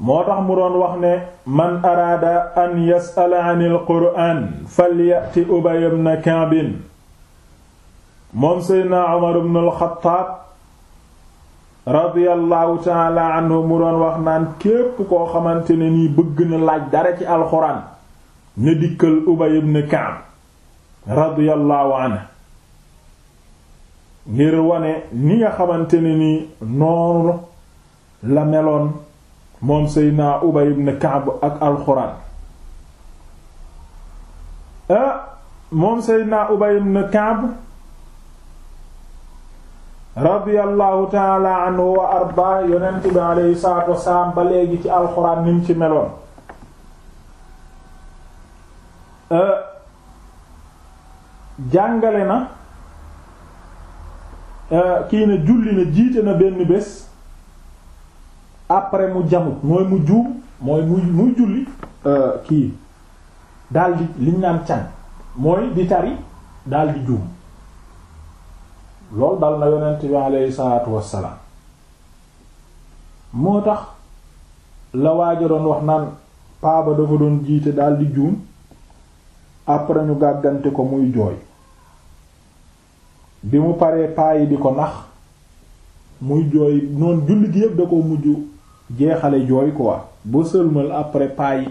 S1: moo tax mu doon wax ne man araada an yas'ala 'anil qur'aan falyati Ubay ibn Ka'b moom seydna Umar ibn al-Xattaab radiyallahu taala mu doon wax naan képp koo xamante ne nii bëgg na laaj dara ci alxuraan ne dikkal Ubay ibn Ka'b radiyallahu anhu ngir wane ni nga xamante ni nii noonu la meloon moom seydna Ubay ibn Ka'b ak alxuraan ah, moom seydna Ubay ibn Ka'b radiyallahu taala anhu wa arda yonent bi aleyhi salaatu wasalaam ba léegi ci alxuraan ni mu ci meloon euh, jàngale na euh, kii ne julli na jiite na benn bés après mu jamut mooy mu juum mooy mu muy julli euh, kii daldi liñ naan can mooy di tari daldi juum loolu dal na yonent bi aleyhi salaatu wassalaam moo tax la waaja doon wax naan paaba dafa doon jiite daldi juum après ñu gàggante ko muy jooy bi mu paree paayi di ko nax muy jooy noonu julli gi yëpp da ko mujj jeexale jooy quoi ba sëlmal après paayi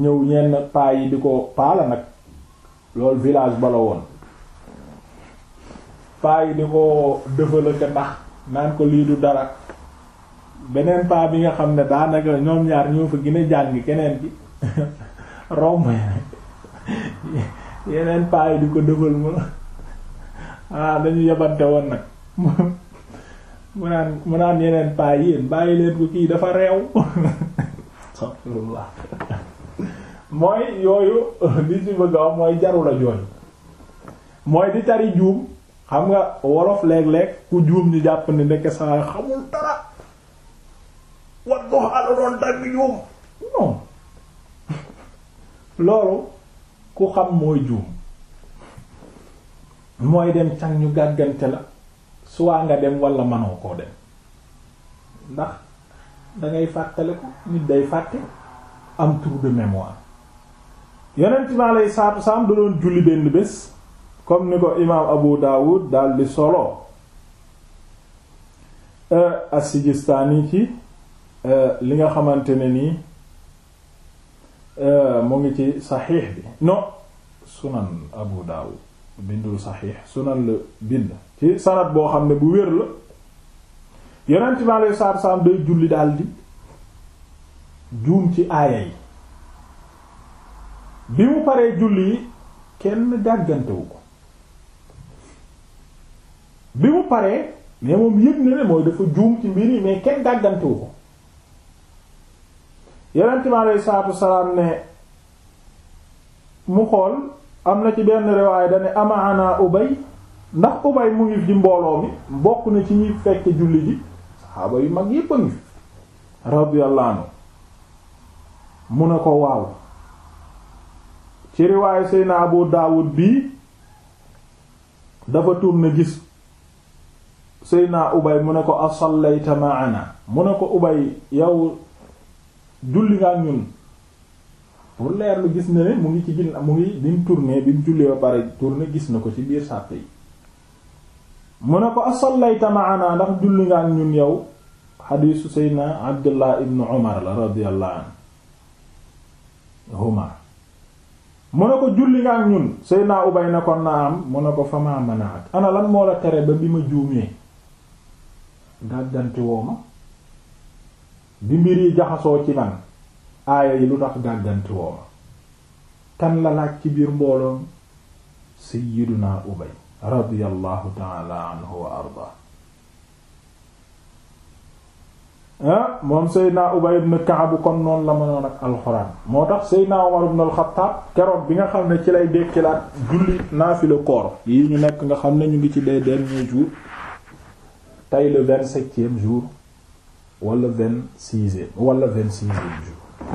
S1: ñëw ñenn paayi di ko paala nag loolu village bala woon paa yi di ko dëfalake ndax naan ko lii du dara beneen paa bi nga xam ne daanaka ñoom ñaar ñoo fa gën jàng keneen bi romb yeneen paa yi di ko dëfal mu ah dañu yebante woon nag mu naan mu naan yeneen paa yi bàyyi leen ko kii dafa reew mooy yooyu li ci bëgg a mooy jarul jooy mooy di tari juum xam nga wolof léeg-léeg ku juum ñu jàpp ni ndeke saa xamul dara wat lu ala doon dagg juum non loolu ku xam mooy juum mooy dem can ñu gàggante la soit nga dem walla manoo koo dem ndax dangay fàttale ko nit day fàtte am trou de mémoire yonent bi alayhi salaatu wassalaam da doon julli benn bés comme ni ko imaam abu daawud dal solo euh, asijistaani ci euh, li nga xamante ne nii euh, mu ngi ci saxiix bi non sunan abu daawud bindul saxiix sunan la bind ci sanad boo xam ne bu wér la yonent bi alayhi salaatu salaam day julli daal di ci aaya yi bi mu paree julli yi kenn dàggantewu ko bi mu paree mais moom yëg na ne mooy dafa juum ci mbir yi mais kenn gàggantewu ko yonent mi salaatu wasalaam ne mu xool am na ci benn riwaay dane amaana ubay ndax ubay mu ngi fi mbooloo mi bokk na ci ñuy fekk julli ji saxaaba yu mag yépp ngi radiyallahu mu ne ko waaw ci riwaayu Seydina Abu bii dafa tourné gis Seydina Ubay mu ne ko asallayta ma'ana mu ne ko Ubay yow julli nga ak ñun pour leer lu gis na ne mu ngi ci gin mu ngi bi mu tourné bi ba pare tourné gis na ko ci biir sàppe yi mu ne ko asallayta ma'ana ndax julli nga ak ñun yow xadiisu Seydina Abdullah ibn Umar la radiyallahu anhuma mu ne ko julli nga ak ñun Seydina Ubay na ko naam mu ne ko fa manaat ana lan moo la tere ba bi ma juumee gàgganti woo bi mbir yi jaxasoo ci man aaya yi lu tax gàgganti tan ma kan la laaj ci biir mbooloom sayyiduna ubay radiyallahu taala anhu wa arda ah moom Seydina Ubay ibn Ka'b kon noonu la mënoon ak alxuraan moo tax Seydina Umar ibn al-Khattab keroog bi nga xam ne ci lay dekkilaat julli naafila koor yi ñu nekk nga xam ne ñu ngi ci les derniers jours tey le vingt septième jour walla vingt sixième walla vingt sixième jour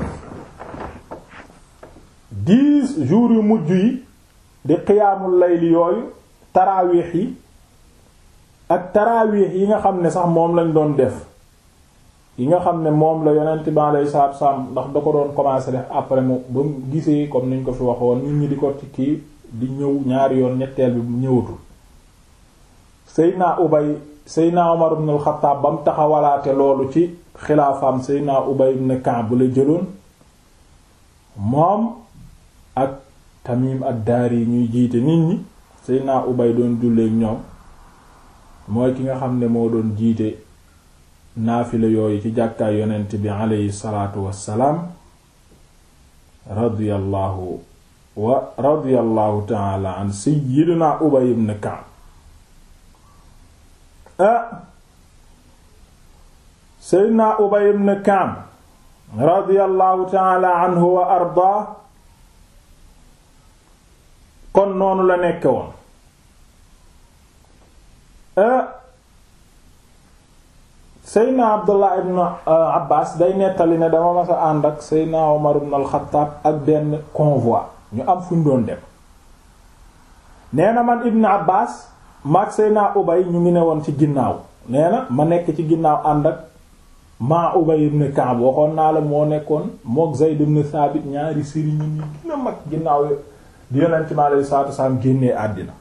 S1: dix jours yu mujj yi di xiyaamul layli yooyu taraawiix yi ak taraawiix yi nga xam ne sax moom lañ doon def yi nga xam ne moom la yonent ban lay saab saam ndax da ko doon commencer def après mu ba mu gisee comme ñu ko fi waxoon nit ñi di ko ci di ñëw ñaari yoon ñetteel bi mu ñëwatul Seydina Ubay Seydina Omar ibn al ba mu taxawalaate loolu ci xilaafaam seyna Ubay ibn Ka'b la jëloon moom ak Tamim ad-Dari ñuy jiite nit ñi Seydina Ubay doon julleek ñoom mooy ki nga xam ne moo doon jiite naafile yooyu ci jàkkaay yonent bi aleyhi salaatu wassalaam radiyallahu wa radiyallahu ta'ala an sayyidina Ubay ibn Ka'b Ah, seydna ubay ibn kaam radiyallahu taala wa ardaa kon noonu la nekk woon ah, seydna abdullah ibn ah, abbas day nettali ne dama masa ànd ak seydna omar ibn alxataab ak benn convoi ñu am fu ñu doon dem nee man ibn abbas maag Seyna Ubay ñu ngi ne woon ci ginnaaw nee na ma nekk ci ginnaaw ànd ak maa Ubay ibn Ka'b waxoon naa la moo nekkoon mook Zayd ibn Thabit ñaari sëriñ ñu gën a mag ginnaaw di Yonent mi alayhi salaatu wasalaam génnee àddina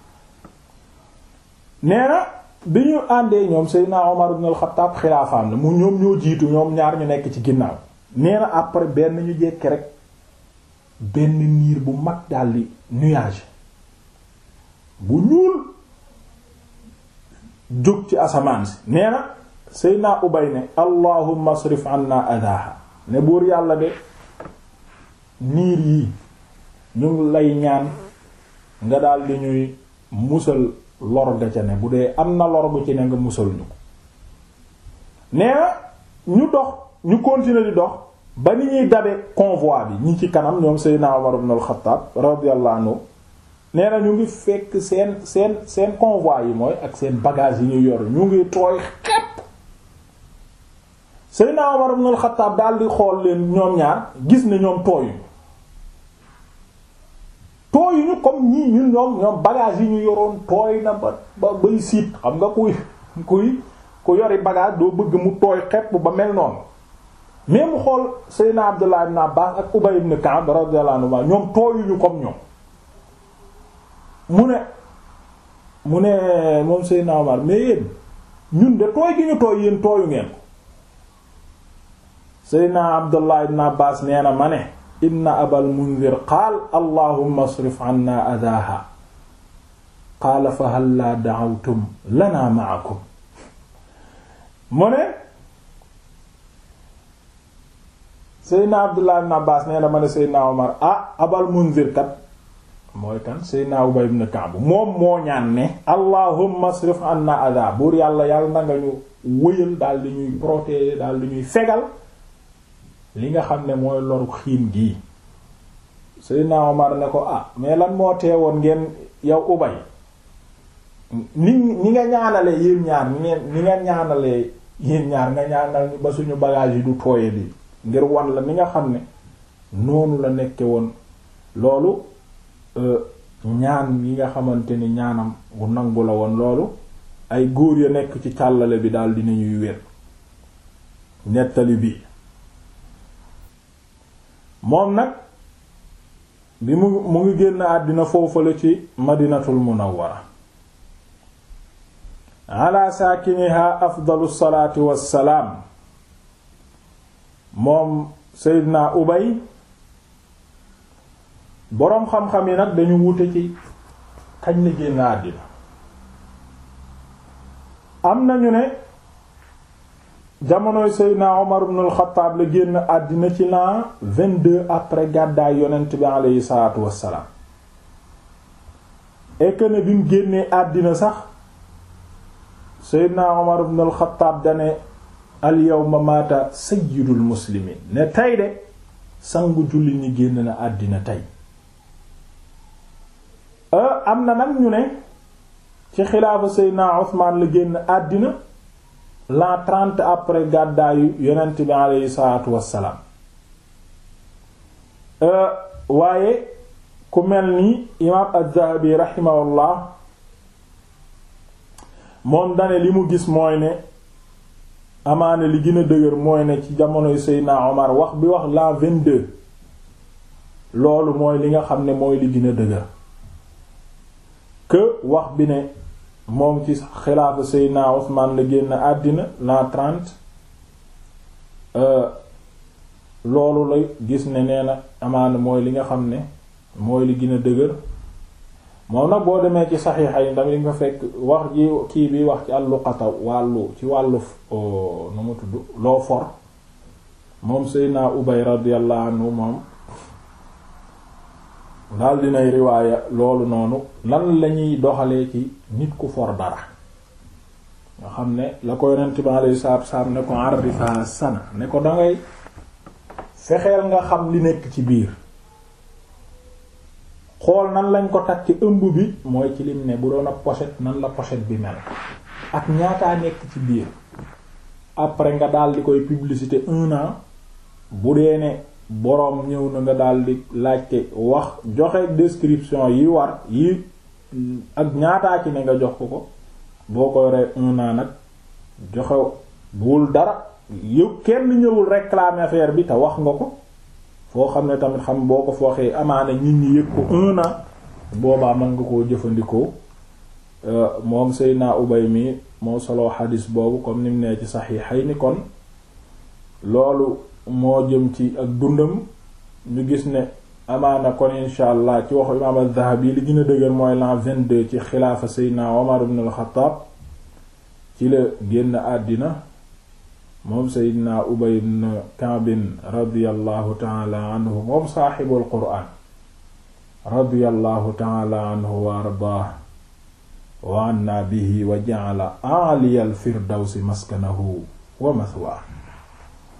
S1: nee na bi ñu àndee ñoom Seyna Omar ibn al-Khattab xilaafaam la mu ñoom ñoo jiitu ñoom ñaar ñu nekk ci ginnaaw nee na après benn ñu jekki rek benn niir bu mag daldi nuage bu ñuul jóg ci asamaan si nee na Seydina Ubay ne allahumma asrif anna adaha ne buur yàlla de niir yi ñu lay ñaan nga daal di ñuy musal lor ga ca ne bu dee am na lor bu ci ne nga musal ñu ko nee na ñu dox ñu continuer di dox ba ni ñuy dabe convoi bi ñi ci kanam ñoom Seydina Umar ibn al-Khattab radiyallahu anhu nee na ñu ngi fekk seen seen seen convoi yi mooy ak seen bagage yi ñu yor ñu ngi tooy xepp Seydina Omar ibn al-Khattab daal di xool leen ñoom ñaar gis ne ñoom tooyuñu tooyuñu comme ñii ñun ñoom ñoom bagage yi ñu yoroon tooy na ba ba bay siit xam nga kuy kuy ku yori bagage doo bëgg mu tooy xepp ba mel noonu mais mu xool Seydina Abdullah ibn Abbas ak Ubay ibn Ka'b radiyallahu anhu ñoom mu ne mu ne moom Seydina Omar mais yéen ñun de tooy gi ñu tooy yéen tooyu ngeen ko Seydina Abdullah ibn Abbas nee na ma ne inna abal mundir qaal allahumma asrif anna adaha qaala fa hal laa lana ma'akum ne Seydina Abdullah ibn Abbas nee na ma ne Seydina Omar ah abal mundir kat mooy kan Seydina Ubay ibn Ka'b moom moo ñaan ne allahumma asrif anna adha buur yàlla yàlla na nga ñu wëyal daal di ñuy protéger daal di ñuy fegal li nga xam ne mooy loru xiin gii Seydina Omar ne ko ah mais lan moo woon ngeen yow Ubay ni nga ñaanale yéen ñaar ni nga ñaanale yéen ñaar nga ñaanal ba suñu bagage yi du tooye bi ngir wan la ni nga xam ne noonu la nekke woon loolu Euh, ñaan yi nga xamante ni ñaanam gu nangu la woon loolu ay góor ya nekk ci tàllale bi daal dinañuy wér nettali bi moom nag bi mu mu ngi génn àddina foofale ci madinatul munawwara ala saakiniha afdalu salaati wassalaam moom seydina ubay boroom xam-xam yi nag dañu wute ci kañ la génn àddina am na nañu ne jamonoy Seydina Omar ibn al la génn àddina ci l'an vingt-deux après gàddaay yonent bi aleyhi salaatu wassalaam et ne bi génnee àddina sax Seydina Omar ibn al-Khattab dane al-yawma maata sayyidul muslimiin ne tey de sangu julli ñi génn na àddina tey Euh, am na nag ne ci xilaafa Seydina Usmaan la génn àddina l'an trente après gàddaayu yonent bi aleyhi euh, waaye ku mel ni imaam az-Zahabi rahimahullah moom dane li mu gis mooy ne amaane li gën dëgër mooy ne ci jamonoy Seydina Omar wax bi wax l'an vingt loolu mooy li nga xam ne mooy li gën a dëgër que wax bi ne moom ci xilaafa Seydina Usmaan la génn àddina l'an trente euh, loolu la gis ne nee na amaana mooy li nga xam ne mooy li gën a dëgër moom nag boo demee ci saxiixa yi ndax li nga fekk wax ji kii bi wax ci àlluqata wàllu ci wàllu oh, tudd loo for moom Seydina Ubay radiyallahu anhu moom daal dinay riwaaya loolu noonu lan lañuy doxalee ci nit ku for dara nga xam ne la ko yonent bi alayhi salaatu salaam ne ko arrifa sana ne ko dangay fexeel nga xam li nekk ci biir xool nan lañ ko takk ci ëmb bi mooy ci lim ne bu doon a nan la pochette bi mel ak ñaataa nekk ci biir après nga daal di koy publicité un an bu dee ne boroom ñëw na nga daldi laajte wax joxe description yi war yi ak ñaata ci ne nga jox ko ko boo ko yoree un nag joxe bul dara yow kenn ñëwul réclamer affaire bi te wax nga ko foo xam ne tamit xam boo ko fa waxee amaana nit ñi yëg ko un boobaa mën nga koo jëfandikoo euh, moom naa Ubay mi moo solo xadis boobu comme ni mu nee ci yi ni kon loolu moo jëm ci ak dundam ñu gis ne amaana kon insha allah ci waxu imaam az-Zahabi li gën dëgër mooy l'an 22 ci xilaafa seydna Omar ibn al ci la génn àddina moom seydna Ubay ibn Ka'b radiyallahu taala anhu moom saaxibul quraan radiyallahu taala anhu wa ardaah wa anna bihi wa ja'ala a'liyal firdawsi maskanahu wa mathwaahu